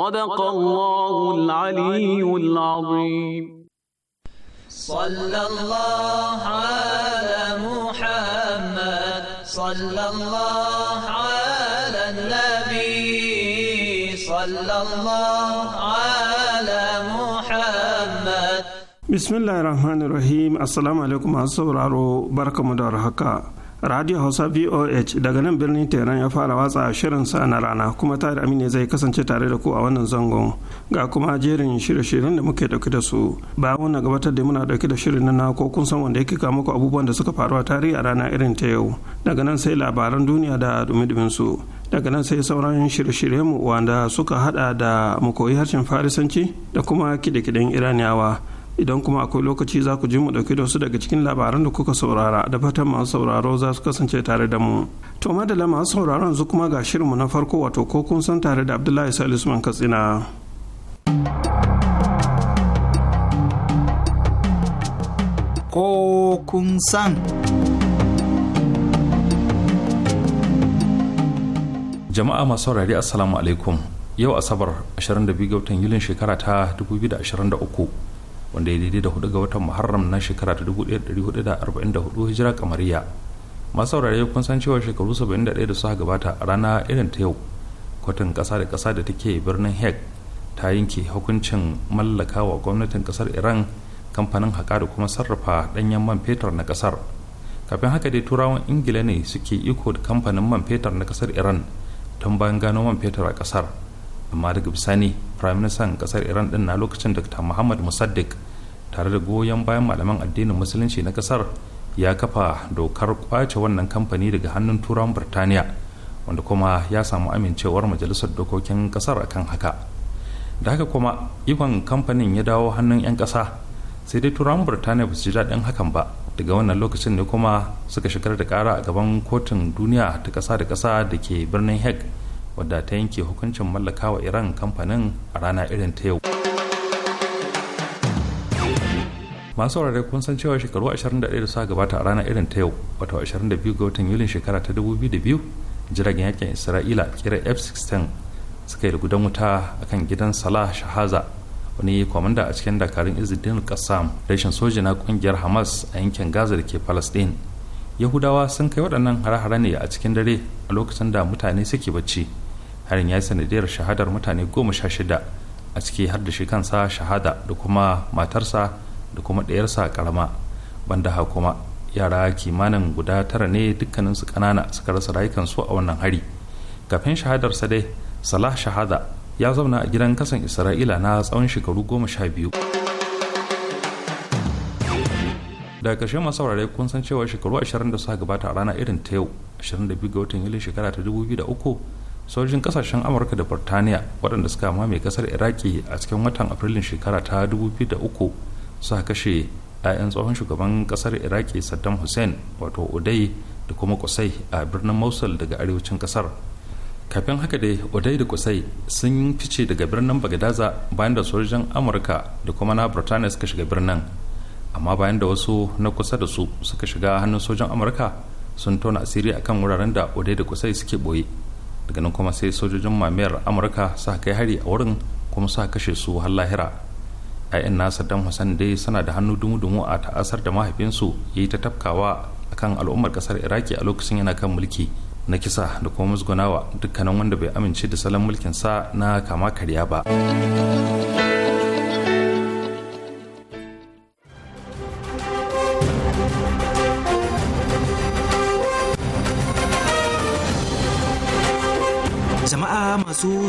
صدق الله العلي العظيم صلى الله على محمد صلى الله على النبي صلى الله على محمد بسم الله الرحمن الرحيم السلام عليكم ورحمة بركة مدار radio hausa voh daga nan birnin tehran ya fara watsa shirinsa na rana kuma tare amine zai kasance tare da ku a wannan zangon ga kuma jerin shirye-shiryen da muke dauke da su bayan wannan gabatar da muna dauke da shirin na ko kun san wanda yake kawo muku abubuwan da suka faru a tarihi a rana irin ta yau daga nan sai labaran duniya da dumi su daga nan sai sauran shirye-shiryen mu wanda suka hada da mu koyi harshen farisanci da kuma kide-kiden iraniyawa idan kuma akwai lokaci za ku ji mu dauke da wasu daga cikin labaran da kuka saurara da fatan masu sauraro za su kasance tare da mu to madalla masu sauraro yanzu kuma ga shirinmu na farko wato ko kun san tare da abdullahi salisu man katsina ko kun san jama'a masu saurari assalamu alaikum yau asabar 22 ga watan yulin shekara ta 2023 wanda ya daidai da hudu ga watan muharram na shekara ta 1444 hijira kamariya masu saurare kun san cewa shekaru 71 da suka gabata a rana irin ta yau kwatin kasa da kasa da take birnin hek ta yanke hukuncin mallaka wa gwamnatin kasar iran kamfanin haka da kuma sarrafa ɗanyen man fetur na kasar kafin haka dai turawan ingila ne suke iko da kamfanin man fetur na kasar iran tun bayan gano man fetur a kasar amma daga bisani firaministan kasar iran din na lokacin dr muhammad musaddiq tare da goyon bayan malaman addinin musulunci na kasar ya kafa dokar kwace wannan kamfani daga hannun turawan birtaniya wanda kuma ya samu amincewar majalisar dokokin kasar akan haka da haka kuma ikon kamfanin ya dawo hannun 'yan kasa sai dai turawan birtaniya ba su ji daɗin hakan ba daga wannan lokacin ne kuma suka shigar da ƙara a gaban kotun duniya ta ƙasa da ƙasa da ke birnin hague wadda ta yanke hukuncin mallakawa iran kamfanin a rana irin ta yau masu saurare kun san cewa shekaru 21 da suka gabata a rana irin ta yau wato 22 ga watan yulin shekara ta 2002 jiragen yakin isra'ila kira f-16 suka yi gudan wuta a kan gidan salah shahaza wani kwamanda a cikin dakarun izidin kassam rashin soja na kungiyar hamas a yankin gaza da ke palestine yahudawa sun kai waɗannan hare-hare ne a cikin dare a lokacin da mutane suke bacci harin ya yi sanadiyar shahadar mutane goma sha shida a ciki har da shi kansa shahada da kuma matarsa da kuma ɗayarsa karama banda ha kuma yara kimanin guda tara ne dukkaninsu ƙanana suka rasa rayukansu a wannan hari kafin sa dai salah shahada ya zauna a gidan kasan isra'ila na tsawon shekaru goma sha biyu daga ƙarshe masu saurare kun san cewa shekaru ashirin da suka gabata a rana irin ta yau 22 ga watan yuli shekara ta 2003 sojojin kasashen amurka da burtaniya waɗanda suka mame kasar iraki a cikin watan afrilun shekara ta 2003 suka kashe 'ya'yan tsohon shugaban kasar iraki saddam hussein wato odai da kuma kusai a birnin mosul daga arewacin kasar kafin haka dai odai da kusai sun fice daga birnin bagadaza bayan da sojojin amurka da kuma na burtaniya suka shiga birnin amma bayan da wasu na kusa da su suka shiga hannun sojan amurka sun tona asiri akan wuraren da odai da kusai suke boye daga nan kuma sai sojojin mamayar amurka suka kai hari a wurin kuma suka kashe su har lahira 'ya'yan nasa dan hassan dai suna da hannu dumu-dumu a ta'asar da mahaifinsu ya yi ta tafkawa kan al'ummar kasar iraki a lokacin yana kan mulki na kisa da kuma musgunawa dukkanin wanda bai amince da salon mulkin sa na kama karya ba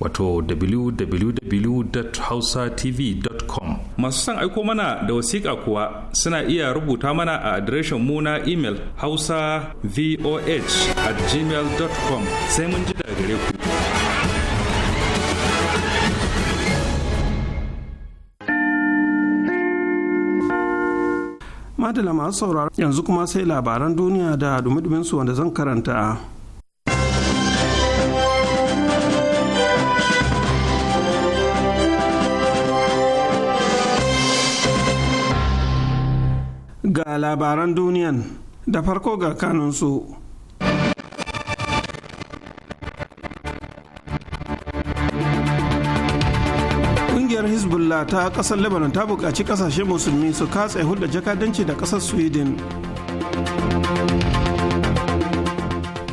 wato www.hausatv.com masu son aiko mana da wasiƙa kuwa suna iya rubuta mana a adireshin mu na imel hausa voh at gmail.com sai mun ji daga gare ku madala masu sauraro yanzu kuma sai labaran duniya da dumi su wanda zan karanta ga labaran duniyan da farko ga kanunsu. Ƙungiyar Hezbollah ta ƙasar Lebanon ta bukaci ƙasashen musulmi su katse hulɗa jakadanci da ƙasar Sweden.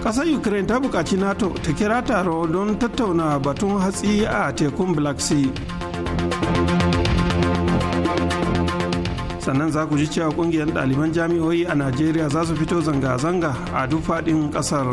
ƙasar Ukraine ta bukaci NATO ta kira taro don tattauna batun hatsi a tekun Black Sea. sannan za ku ji cewa kungiyar ɗaliban jami'o'i a najeriya za su fito zanga-zanga a duk faɗin ƙasar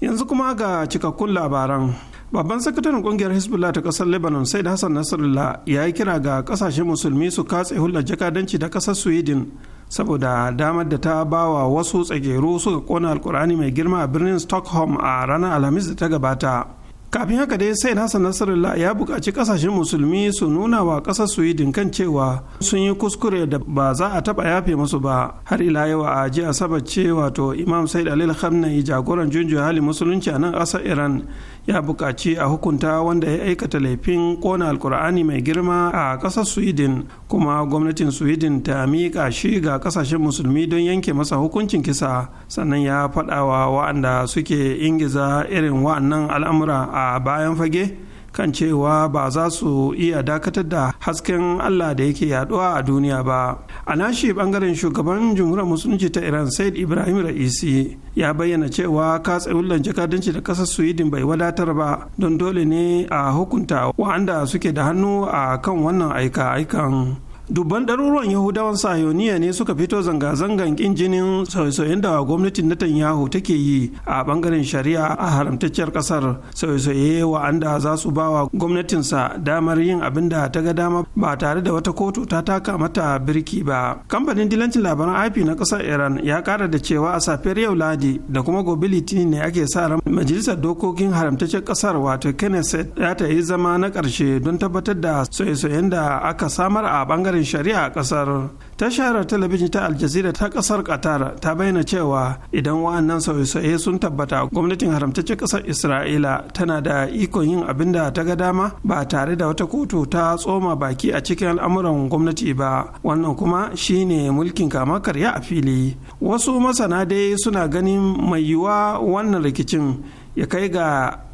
yanzu kuma ga cikakkun labaran babban sakataren kungiyar hezbollah ta ƙasar lebanon sai hassan nasrallah ya yi kira ga ƙasashen musulmi su katse hulɗar jakadanci da ƙasar sweden saboda damar da ta bawa wasu tsageru suka kona alkur'ani mai girma a birnin stockholm a ranar alhamis da ta gabata kafin haka dai sai nasa nasarallah ya buƙaci ƙasashen musulmi su nuna wa ƙasar sweden kan cewa sun yi kuskure da ba za a taɓa yafe musu ba har ila yau a ji asabar cewa wato imam said alil khamnai jagoran junjun hali musulunci a nan ƙasar iran ya buƙaci a hukunta wanda ya aikata laifin ƙona alkur'ani mai girma a ƙasar sweden kuma gwamnatin sweden ta miƙa shi ga ƙasashen musulmi don yanke masa hukuncin kisa sannan ya faɗawa wa'anda suke ingiza irin wa'annan al'amura a bayan fage kan cewa ba za su iya dakatar da hasken Allah da yake yaduwa a duniya ba. A nashi bangaren shugaban jumhuriyar musulunci ta Iran Said Ibrahim Ra'isi ya bayyana cewa katse jakadanci da kasar Sweden bai wadatar ba don dole ne a hukunta wa'anda suke da hannu a kan wannan aika-aikan. dubban ɗaruruwan yahudawan sayoniya ne suka fito zanga-zangan ƙin jinin sauye-sauyen da gwamnatin netanyahu take yi a ɓangaren shari'a a haramtacciyar ƙasar sauye-sauye wa'anda za su ba wa gwamnatinsa damar yin abin da ta ga dama ba tare da wata kotu ta taka mata birki ba kamfanin dilancin labaran ip na ƙasar iran ya ƙara da cewa a safiyar yau ladi da kuma gobe litinin ne ake sa ran majalisar dokokin haramtacciyar ƙasar wato knesset ya ta yi zama na ƙarshe don tabbatar da sauye-sauyen da aka samar a ɓangaren fannin shari'a a kasar tashar talabijin ta aljazira ta kasar qatar ta bayyana cewa idan wa'annan sauye-sauye sun tabbata gwamnatin haramtaccen kasar isra'ila tana da ikon yin abin da ta ga dama ba tare da wata kotu ta tsoma baki a cikin al'amuran gwamnati ba wannan kuma shine mulkin kama karya a fili wasu masana dai suna ganin mai yiwuwa wannan rikicin ya kai ga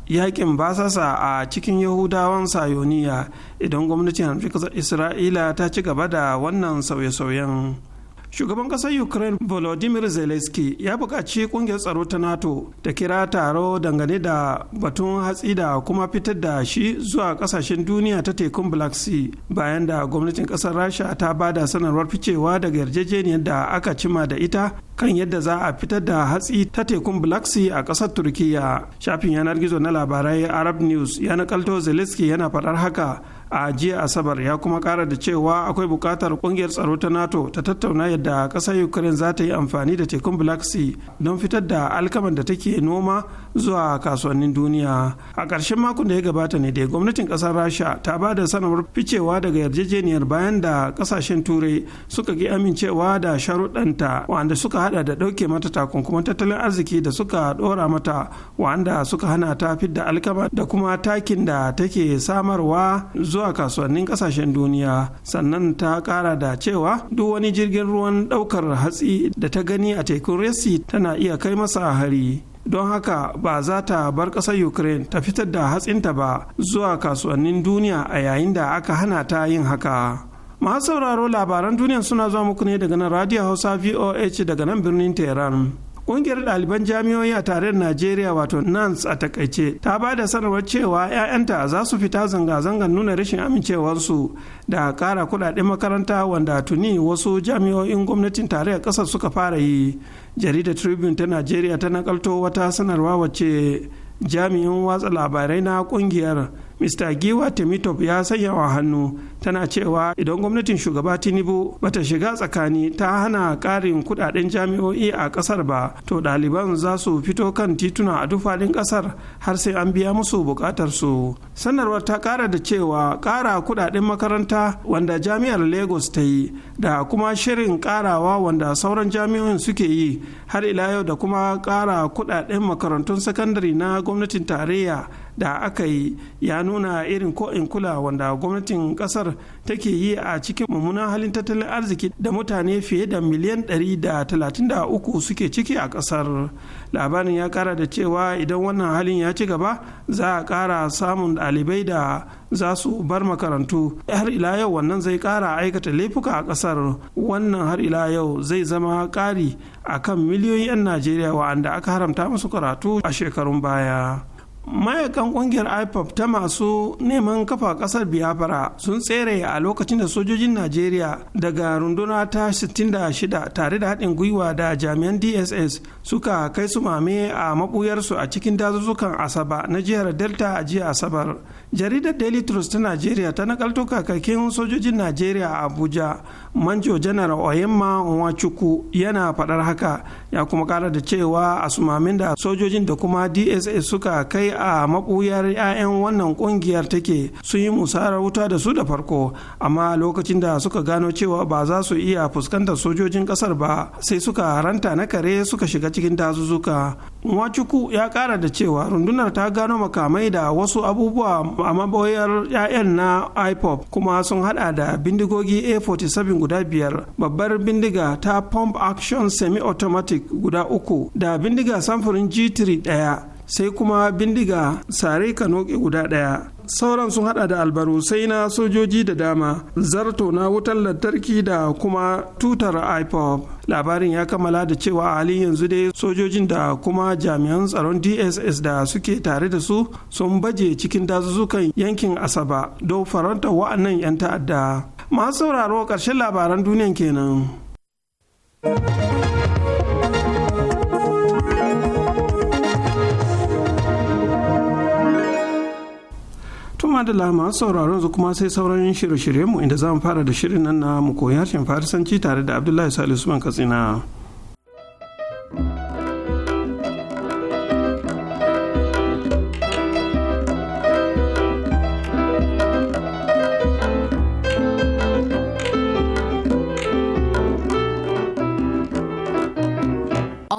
yakin basasa a cikin yahudawan sayoniya idan gwamnatin isra'ila ta ci gaba da wannan sauye-sauyen shugaban ƙasar ukraine volodymyr zelensky ya buƙaci ƙungiyar tsaro ta nato ta kira taro dangane da batun hatsi da kuma fitar da shi zuwa ƙasashen duniya ta tekun black sea bayan da gwamnatin ƙasar rasha ta ba da sanarwar ficewa daga yarjejeniyar da aka cima da ita kan yadda za a fitar da hatsi ta tekun black sea a ƙasar turkiya shafin yanar gizo na labarai arab news ya nakalto zelensky yana faɗar haka a jiya asabar ya kuma kara da cewa akwai bukatar kungiyar tsaro ta nato ta tattauna yadda kasar ukraine za ta yi amfani da tekun black sea don fitar da alkaman da take noma zuwa kasuwannin duniya a ƙarshen makon da ya gabata ne da gwamnatin ƙasar rasha ta ba da sanarwar ficewa daga yarjejeniyar bayan da ƙasashen turai suka ki amincewa da sharuɗanta wanda suka hada da ɗauke mata takunkuman tattalin arziki da suka ɗora mata wanda suka hana ta fidda alkama da kuma takin da take samarwa zuwa kasuwannin kasashen duniya sannan ta kara da cewa duk wani jirgin ruwan daukar hatsi da ta gani a tekun resi tana iya kai masa a hari don haka ba za ta bar ƙasar ukraine ta fitar da hatsinta ba zuwa kasuwannin duniya a yayin da aka hana ta yin haka masu sauraro labaran duniya suna zuwa muku ne daga nan radio hausa voh daga nan birnin tehran Ƙungiyar ɗaliban jami'o'i a tarayyar Najeriya wato NANS a takaice ta ba da sanarwar cewa 'ya'yanta za su fita zanga-zangar nuna rashin amincewarsu da ƙara kuɗaɗen makaranta wanda tuni wasu jami'o'in gwamnatin tarayyar ƙasar suka fara yi. Jaridar Tribune ta Najeriya ta nakalto wata sanarwa wacce jami'in watsa labarai na ƙungiyar mr giwa temitop ya sanya wa hannu tana cewa idan gwamnatin shugaba tinubu bata shiga tsakani ta hana karin kudaden jami'o'i a kasar ba to ɗaliban za su fito kan tituna a duk kasar har sai an biya musu bukatar su sanarwar ta kara da cewa kara kudaden makaranta wanda jami'ar lagos ta yi da kuma shirin karawa wanda sauran jami'o'in suke yi har ila yau da kuma kara kudaden makarantun sakandare na gwamnatin tarayya da aka yi ya nuna irin ko in kula wanda gwamnatin kasar take yi a cikin mummunan halin tattalin arziki da mutane fiye da miliyan 133 suke ciki a kasar labarin ya kara da cewa idan wannan halin ya ci gaba za a kara samun ɗalibai da za su bar makarantu har ila yau wannan zai kara aikata laifuka a kasar wannan har ila yau zai zama ƙari kan miliyoyin 'yan najeriya wa'anda aka haramta musu karatu a shekarun baya. mayakan kungiyar ipop ta masu neman kafa kasar biafra sun tsere a lokacin da sojojin najeriya daga runduna ta 66 tare da haɗin gwiwa da jami'an dss suka kai su mame a mabuyarsu a cikin dazuzzukan asaba na jihar delta a jiya asabar jaridar daily trust ta najeriya ta nakalto kakakin sojojin najeriya a abuja manjo janar oyemma onwachuku yana faɗar haka ya kuma kara da cewa sumamin da sojojin da kuma dss suka kai a mabuyar 'ya'yan wannan ƙungiyar take sun yi musarar wuta da su da farko amma lokacin da suka gano cewa ba za su iya fuskantar sojojin kasar ba sai suka ranta na kare suka shiga cikin dazuzzuka Nwachukwu ya kara da cewa rundunar ta gano makamai da wasu abubuwa a maboyar 'ya'yan na IPOP kuma sun hada da bindigogi A47 guda biyar babbar bindiga ta pump action semi-automatic guda uku da bindiga samfurin G3 daya sai kuma bindiga sare ka noke guda ɗaya sauran sun hada da albarusai na sojoji da dama zarto na wutar lantarki da kuma tutar ipop labarin ya kammala da cewa a halin yanzu dai sojojin da kuma jami'an tsaron dss da suke tare da su sun baje cikin dazuzzukan yankin asaba don faranta wa'annan 'yan ta'adda masu sauraro ƙarshen labaran duniyan kenan. tuma da lama sauraron su kuma sai sauran shirye mu inda za mu fara da shirin nan na mu koyi harshen farisanci tare da abdullahi salisu man katsina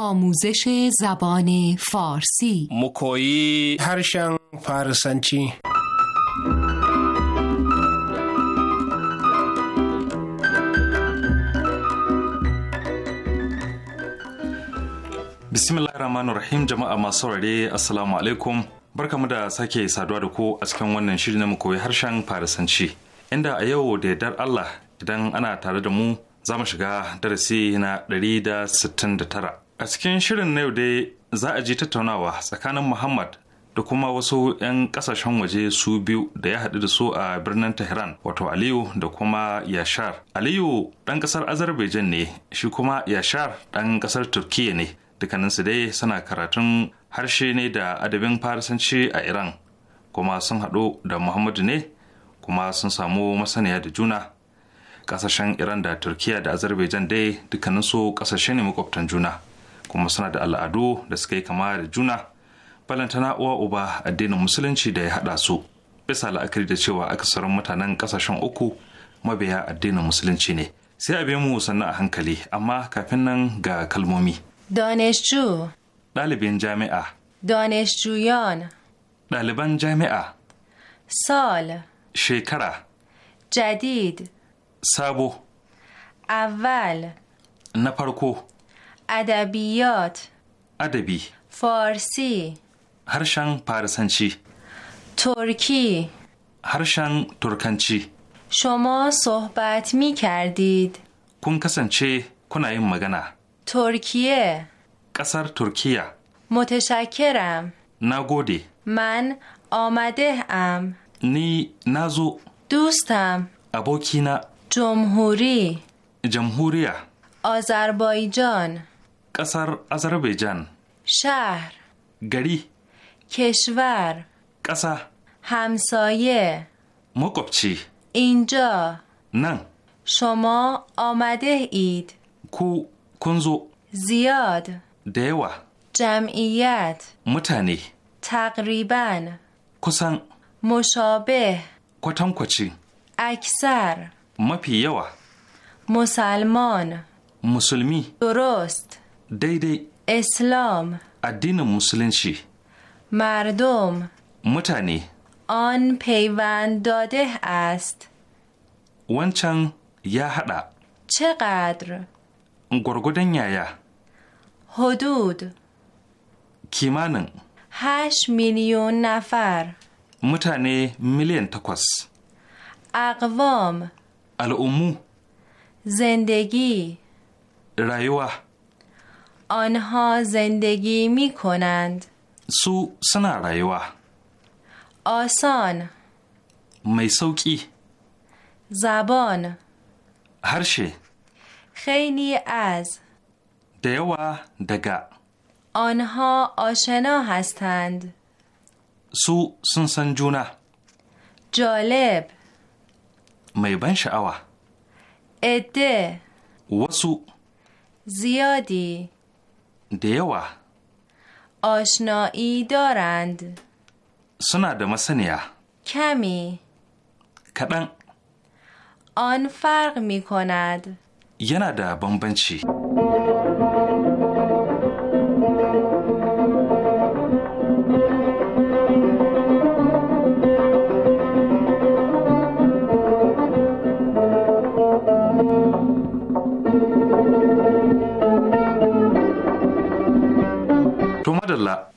آموزش زبان فارسی مکویی هرشن فارسنچی Bismillahirrahmanirrahim jama'a masu saurare assalamu alaikum barkamu da sake saduwa da ku a cikin wannan shiri na harshen farisanci inda a yau da dar Allah idan ana tare da mu za mu shiga darasi na 169 a cikin shirin na yau dai za a ji tattaunawa tsakanin Muhammad da kuma wasu 'yan kasashen waje su biyu da ya haɗu da su a birnin Tehran wato Aliyu da kuma Yashar. Aliyu ɗan ƙasar Azerbaijan ne, shi kuma Yashar ɗan ƙasar Turkiyya ne. dukkaninsu dai suna karatun harshe ne da adabin farisanci a iran kuma sun haɗu da muhammadu ne kuma sun samu masaniya da juna ƙasashen iran da turkiyya da azerbaijan dai dukkaninsu ƙasashe ne makwabtan juna kuma suna da al'adu da suka yi kama da juna balantana uwa uba addinin musulunci da ya haɗa su bisa la'akari da cewa akasarin mutanen ƙasashen uku mabiya addinin musulunci ne sai a mu sannan a hankali amma kafin nan ga kalmomi دانشجو بله بین جمعه دانشجویان بین جمعه سال شکره جدید سابو اول نپرکو ادبیات ادبی فارسی هرشان پارسنچی ترکی هرشان ترکنچی شما صحبت می کردید کن چه کنایم مگنه ترکیه قصر ترکیه متشکرم نگودی من آمده ام نی نازو دوستم ابوکینا جمهوری جمهوریه آذربایجان قصر آذربایجان شهر گری کشور قصر همسایه مقبچی اینجا نه شما آمده اید کو کنزو زیاد دیوه جمعیت متنی تقریبا کسان مشابه کتان کچی اکثر ما یوا مسلمان مسلمی درست دیدی اسلام الدین مسلنشی مردم متنی آن پیوند داده است ونچن یا حدا چقدر gwargwadon yaya? Hudud. Kimanin. Hash miliyon nafar. Mutane miliyan takwas. Agvom. Al’ummu. Zendegi. Rayuwa. Onha zendegi mikonand. Su suna rayuwa. Oson. Mai sauƙi. Zabon. Harshe. خیلی از دیوا دگا آنها آشنا هستند سو سنسنجونه جونه جالب میبن شعوا اده وسو زیادی دیوا آشنایی دارند سنا دمسنیا کمی کمان آن فرق می کند yana da bambanci.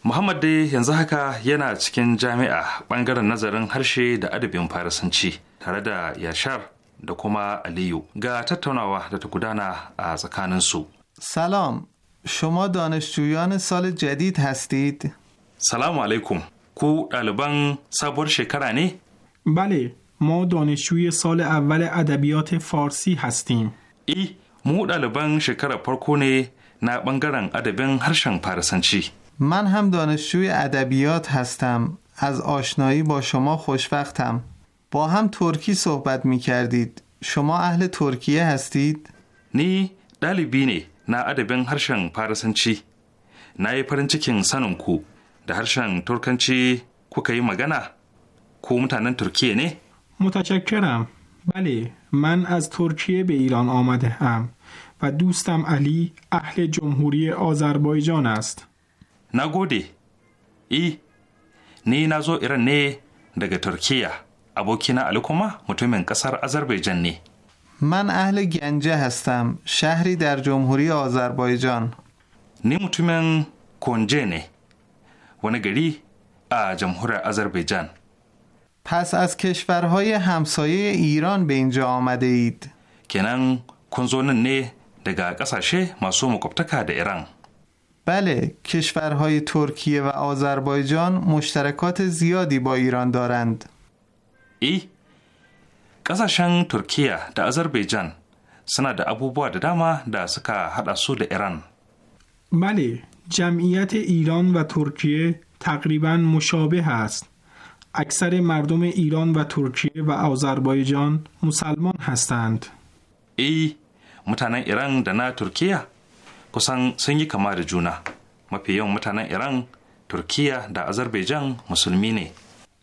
muhammad dai yanzu haka yana cikin jami'a bangaren nazarin harshe da adabin farisanci tare da yashar da kuma Aliyu ga tattaunawa da ta ا a سو سلام شما دانشجویان سال جدید هستید؟ سلام علیکم کو طالبان سابور شکر بله ما دانشجوی سال اول ادبیات فارسی هستیم ای مو طالبان شکر فرقو نه نه هر ادبین هرشن فارسنچی من هم دانشجوی ادبیات هستم از آشنایی با شما خوشوقتم با هم ترکی صحبت می کردید شما اهل ترکیه هستید؟ نی دلی بینی نه ادبین هرشن پارسنچی نه ی پرنچکین سنم کو ده هرشن ترکنچی کوکایی مگنه کو متنن ترکیه نه؟ متشکرم بله من از ترکیه به ایران آمده هم و دوستم علی اهل جمهوری آذربایجان است نگودی ای نی نزو ایران نه دگه ترکیه abokina Ali kuma mutumin ƙasar Azerbaijan من اهل گنجه هستم شهری در جمهوری آذربایجان نی مطمئن کنجه نه ونگری جمهور آذربایجان پس از کشورهای همسایه ایران به اینجا آمده اید کنن کنزون نه دگا قساشه ماسو مکبتکا ده ایران بله کشورهای ترکیه و آذربایجان مشترکات زیادی با ایران دارند ای، eh, ƙasashen turkiya da azerbaijan suna da abubuwa da dama da suka haɗa su da بله جمعیت ایران و ترکیه تقریبا مشابه هست. اکثر مردم ایران و ترکیه و آذربایجان مسلمان هستند ای متن ایران دنا ترکیه کسان سنگی کمار جونا مپیون متن ایران ترکیه در آذربایجان مسلمینه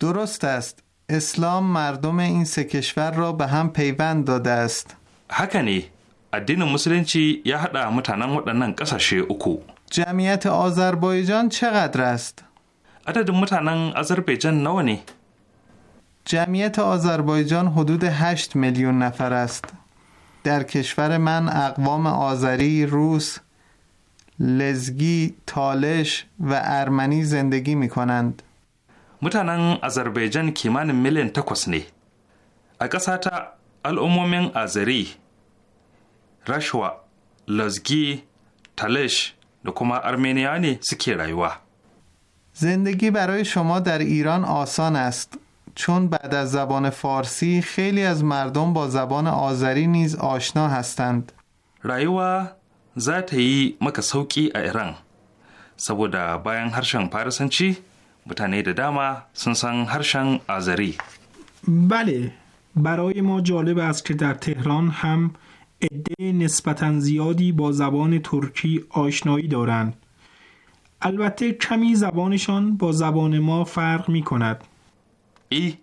درست است اسلام مردم این سه کشور را به هم پیوند داده است. هکنی ادین مسلمچی یا حدا متانان ودنن قساشه اوکو. جمعیت آذربایجان چقدر است؟ عدد متانان آذربایجان نو ne? جمعیت آذربایجان حدود 8 میلیون نفر است. در کشور من اقوام آذری، روس، لزگی، تالش و ارمنی زندگی می کنند. mutanen azerbaijan kimanin miliyan takwas ne a ƙasa ta al'ummomin azeri rashwa lazgi talish da kuma armeniya ne suke زندگی برای شما در ایران آسان است چون بعد از زبان فارسی خیلی از مردم با زبان آذری نیز آشنا هستند. رایوا ذات هی مکا سوکی ایران سبودا بایان هرشن پارسنچی؟ mutane da dama sun san harshen بله برای ما جالب است که در تهران هم عده نسبتا زیادی با زبان ترکی آشنایی دارند. البته کمی زبانشان با زبان ما فرق می کند. ای،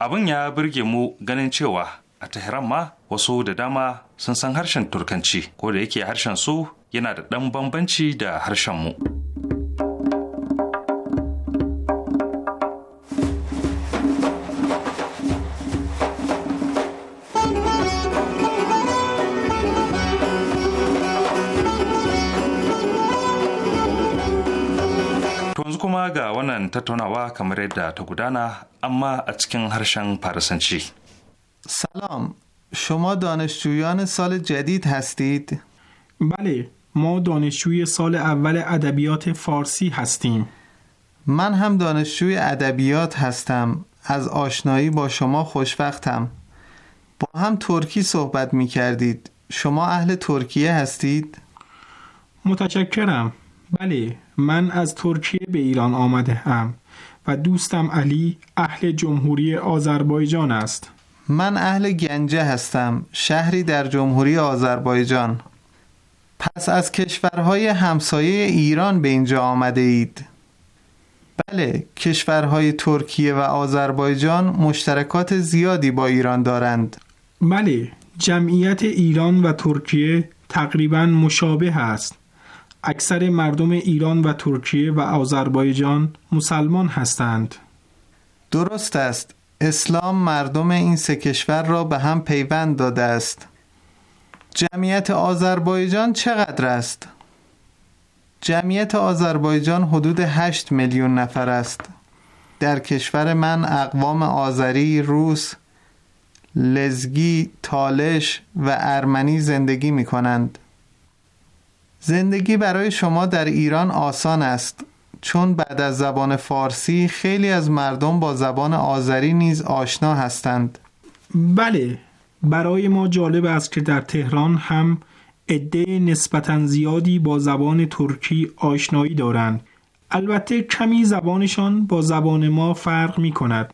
ابن یا برگی مو گنن چوا تهران ما وسو ده داما سنسن هرشن ترکنچی کوده یکی هرشن سو یه ده دم بمبنچی ده هرشن مو. kuma سلام شما دانشجویان سال جدید هستید؟ بله ما دانشجوی سال اول ادبیات فارسی هستیم من هم دانشجوی ادبیات هستم از آشنایی با شما خوشوقتم با هم ترکی صحبت می کردید شما اهل ترکیه هستید؟ متشکرم بله من از ترکیه به ایران آمده هم و دوستم علی اهل جمهوری آذربایجان است من اهل گنجه هستم شهری در جمهوری آذربایجان پس از کشورهای همسایه ایران به اینجا آمده اید بله کشورهای ترکیه و آذربایجان مشترکات زیادی با ایران دارند بله جمعیت ایران و ترکیه تقریبا مشابه است اکثر مردم ایران و ترکیه و آذربایجان مسلمان هستند. درست است. اسلام مردم این سه کشور را به هم پیوند داده است. جمعیت آذربایجان چقدر است؟ جمعیت آذربایجان حدود 8 میلیون نفر است. در کشور من اقوام آذری، روس، لزگی، تالش و ارمنی زندگی می کنند. زندگی برای شما در ایران آسان است چون بعد از زبان فارسی خیلی از مردم با زبان آذری نیز آشنا هستند بله برای ما جالب است که در تهران هم عده نسبتا زیادی با زبان ترکی آشنایی دارند البته کمی زبانشان با زبان ما فرق می کند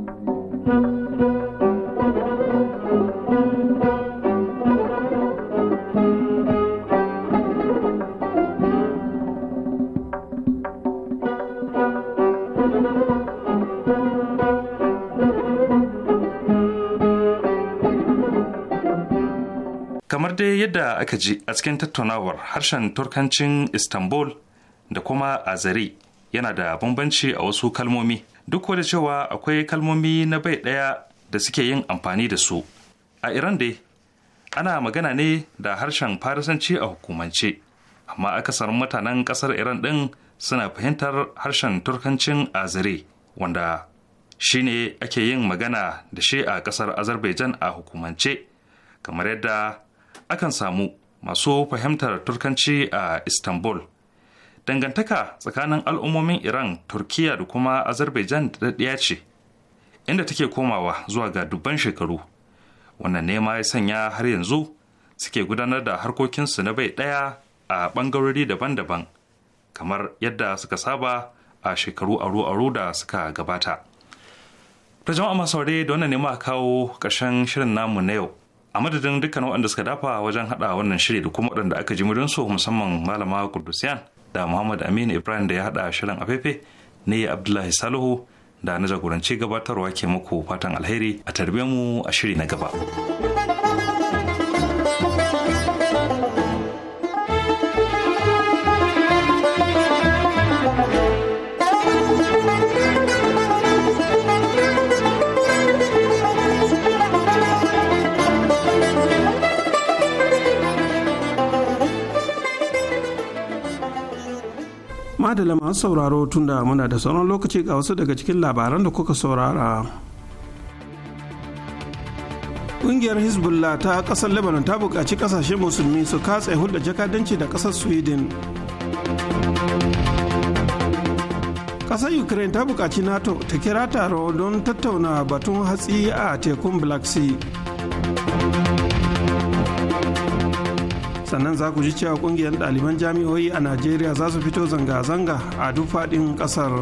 dai yadda aka ji a cikin tattaunawar harshen turkancin istanbul da kuma azare yana da bambanci a wasu kalmomi duk da cewa akwai kalmomi na bai ɗaya da suke yin amfani da su a iran dai ana magana ne da harshen farisanci a hukumance amma akasarin mutanen ƙasar iran ɗin suna fahimtar harshen turkancin azare wanda shine ake yin magana da shi a ƙasar azerbaijan a hukumance kamar yadda akan samu masu fahimtar turkanci a istanbul dangantaka tsakanin al'ummomin iran turkiya da kuma azerbaijan da daɗaɗɗiya ce inda take komawa zuwa ga dubban shekaru wannan nema ya sanya har yanzu suke gudanar da harkokinsu na bai ɗaya a ɓangarori daban-daban kamar yadda suka saba a shekaru aro-aro da suka gabata. Ta jama'a masu da wannan nema kawo ƙarshen shirin namu na yau a madadin dukkan waɗanda suka dafa wajen haɗa wannan shiri da kuma waɗanda aka ji su musamman malama kudusiyan da muhammad aminu ibrahim da ya haɗa shirin afefe ne abdullahi salihu da na jagoranci gabatarwa ke muku fatan alheri a tarbe mu a shiri na gaba. madala masu sauraro tunda muna da sauran lokaci ga wasu daga cikin labaran da kuka saurara ƙungiyar hezbollah ta ƙasar lebanon ta buƙaci ƙasashen musulmi su katse hulɗa jakadanci da ƙasar sweden ƙasar ukraine ta buƙaci nato ta kira taro don tattauna batun hatsi a tekun black sea sannan za ku ji cewa kungiyar ɗaliban jami'o'i a najeriya za su fito zanga-zanga a duk faɗin ƙasar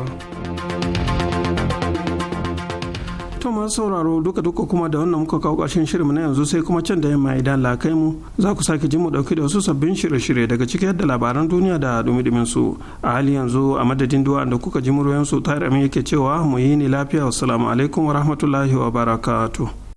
to masu sauraro duka duka kuma da wannan muka kawo ƙarshen shirin na yanzu sai kuma can da yamma idan lakai mu za ku sake jin mu dauki da wasu sabbin shirye-shirye daga ciki yadda labaran duniya da dumi-dumin su a hali yanzu a madadin duwa da kuka ji muryoyin su tare yake cewa mu yi ni lafiya wassalamu alaikum wa barakatu.